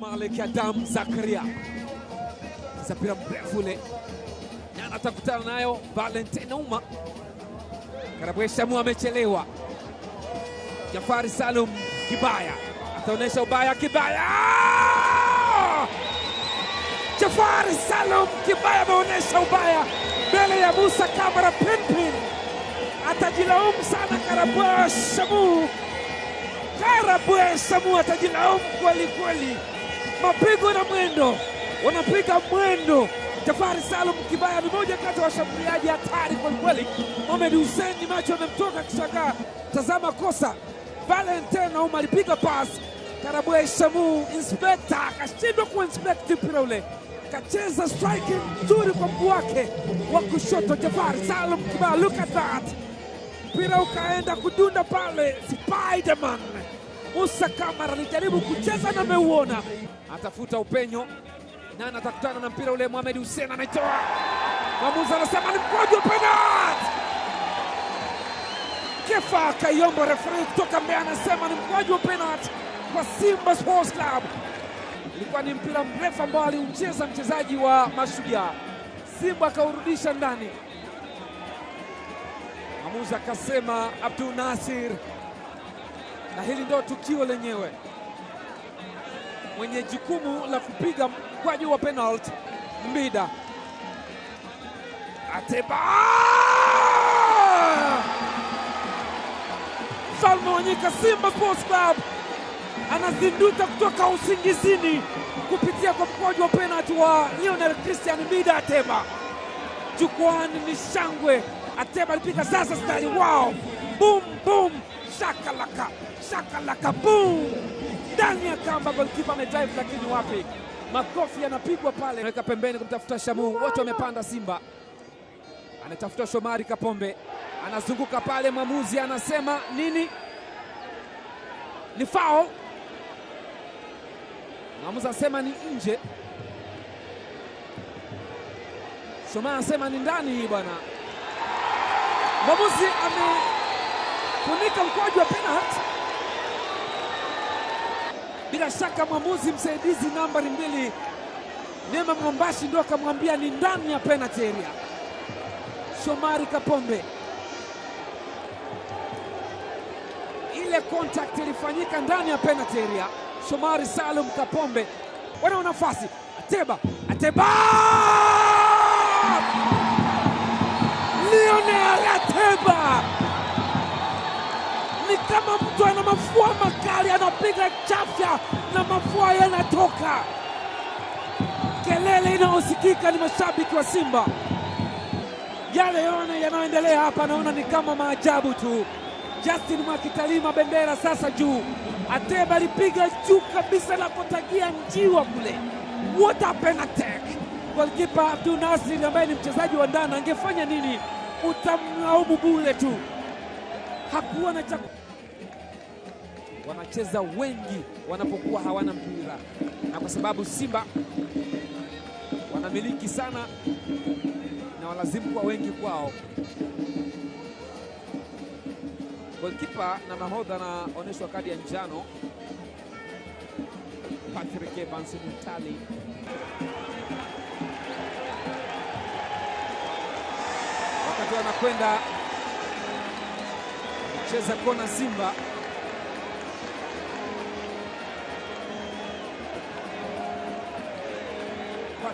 Malekadam Zakaria, mpira mrefu ule, na atakutana nayo Valentine Uma. Karabwe Shamu amechelewa. Jafari Salum Kibaya ataonyesha ubaya. Kibaya, Jafari Salum Kibaya ameonyesha ubaya mbele ya Musa Kamara Pinpin, atajilaumu sana Karabwe Shamu. Karabwe Shamu atajilaumu kweli kweli mapigo na mwendo, wanapiga mwendo. Jafari Salum Kibaya ni moja kati ya washambuliaji hatari kwelikweli. Mohamed Hussein ni macho yamemtoka kishangaa, tazama kosa. Valentin Nauma alipiga pass, Karabue Shamu inspekta akashindwa kuinspekti mpira ule, akacheza strike nzuri kwa mguu wake wa kushoto. Jafari Salum Kibaya, look at that, mpira ukaenda kudunda pale, Spiderman Musa Kamara alijaribu kucheza na ameuona, atafuta upenyo nana, atakutana na mpira ule. Mohamed Hussein ametoa mwamuzi anasema ni mkwaju penalti. Kefa Kayombo referi kutoka Mbeya anasema ni mkwaju wa penalti kwa Simba Sports Club. Ilikuwa ni mpira mrefu ambao aliucheza mchezaji wa Mashujaa, Simba akaurudisha ndani. Mwamuzi akasema Abdul Nasir na hili ndio tukio lenyewe. Mwenye jukumu la kupiga mkwaju wa penalti Mbida Ateba, mfalme wa nyika Simba Sports Club anazinduta kutoka usingizini kupitia kwa mkwaju wa penalti wa Lionel Christian Mbida Ateba. Jukwani ni shangwe. Ateba alipiga sasa stari, wao bum bum shakalaka shakalaka, boom ndani ya kamba, golikipa amedrive, lakini wapi, makofi yanapigwa pale, weka pembeni kumtafuta Shamu, wote wamepanda. Simba anatafuta Shomari Kapombe, anazunguka pale, mwamuzi anasema nini? Ni fao Mwamuzi anasema ni nje, Shomari anasema ni ndani. Bwana mwamuzi ame kunika mkwaju wa penalti. Bila shaka mwamuzi msaidizi nambari mbili Neema Mwambashi ndo akamwambia ni ndani ya penalti area. Shomari Kapombe, ile contact ilifanyika ndani ya penalti area. Shomari Salum Kapombe wanao nafasi, Ateba, Ateba, Lionel Ateba mtu ana mafua makali anapiga chafya na mafua yanatoka. Kelele inayosikika ni mashabiki wa Simba. Yale yone yanayoendelea hapa, naona ni kama maajabu tu. Justin Mwakitalima bendera sasa juu, Ateba alipiga juu kabisa na kutagia njiwa kule. What a penalty! Golikipa Abdul Nasir ambaye ni mchezaji wa ndani angefanya nini? Utamlaumu bure tu, hakuwa na chakula wanacheza wengi wanapokuwa hawana mpira, na kwa sababu Simba wanamiliki sana na walazimu kuwa wengi kwao. Golkipa na nahodha anaonyeshwa kadi ya njano Patrick Evans Mutali. Wakati wanakwenda kucheza kona Simba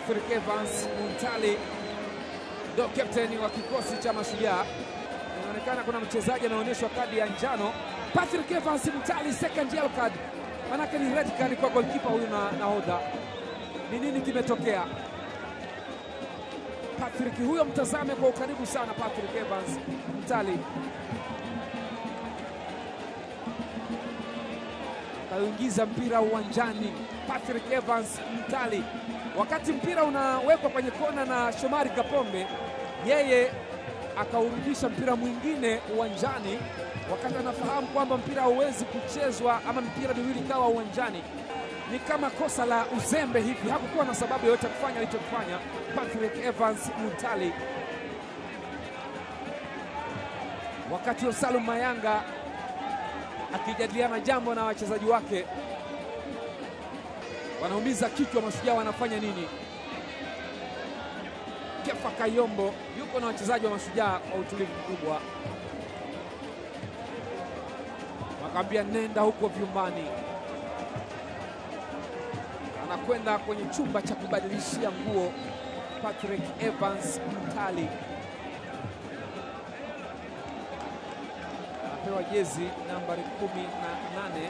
Patrick Evans Muntali ndo captain wa kikosi cha Mashujaa. Inaonekana kuna mchezaji anaonyeshwa kadi ya njano. Patrick Evans Muntali, second yellow card, manake ni red card kwa golkipa huyu na nahodha. Ni nini kimetokea? Patrick huyo, mtazame kwa ukaribu sana. Patrick Evans Muntali kauingiza mpira uwanjani Patrick Evans Mtali. Wakati mpira unawekwa kwenye kona na Shomari Kapombe, yeye akaurudisha mpira mwingine uwanjani, wakati anafahamu kwamba mpira hauwezi kuchezwa ama mpira miwili ikawa uwanjani. Ni kama kosa la uzembe hivi, hakukuwa na sababu yoyote kufanya alichokifanya Patrick Evans Mtali, wakati salum Mayanga akijadiliana jambo na wachezaji wake, wanaumiza kichwa, mashujaa wanafanya nini? Kefa Kayombo yuko na wachezaji wa mashujaa kwa utulivu mkubwa, wakaambia nenda huko vyumbani. Anakwenda kwenye chumba cha kubadilishia nguo. Patrick Evans Mtali amepewa jezi nambari kumi na nane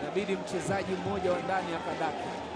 inabidi mchezaji mmoja wa ndani kadaka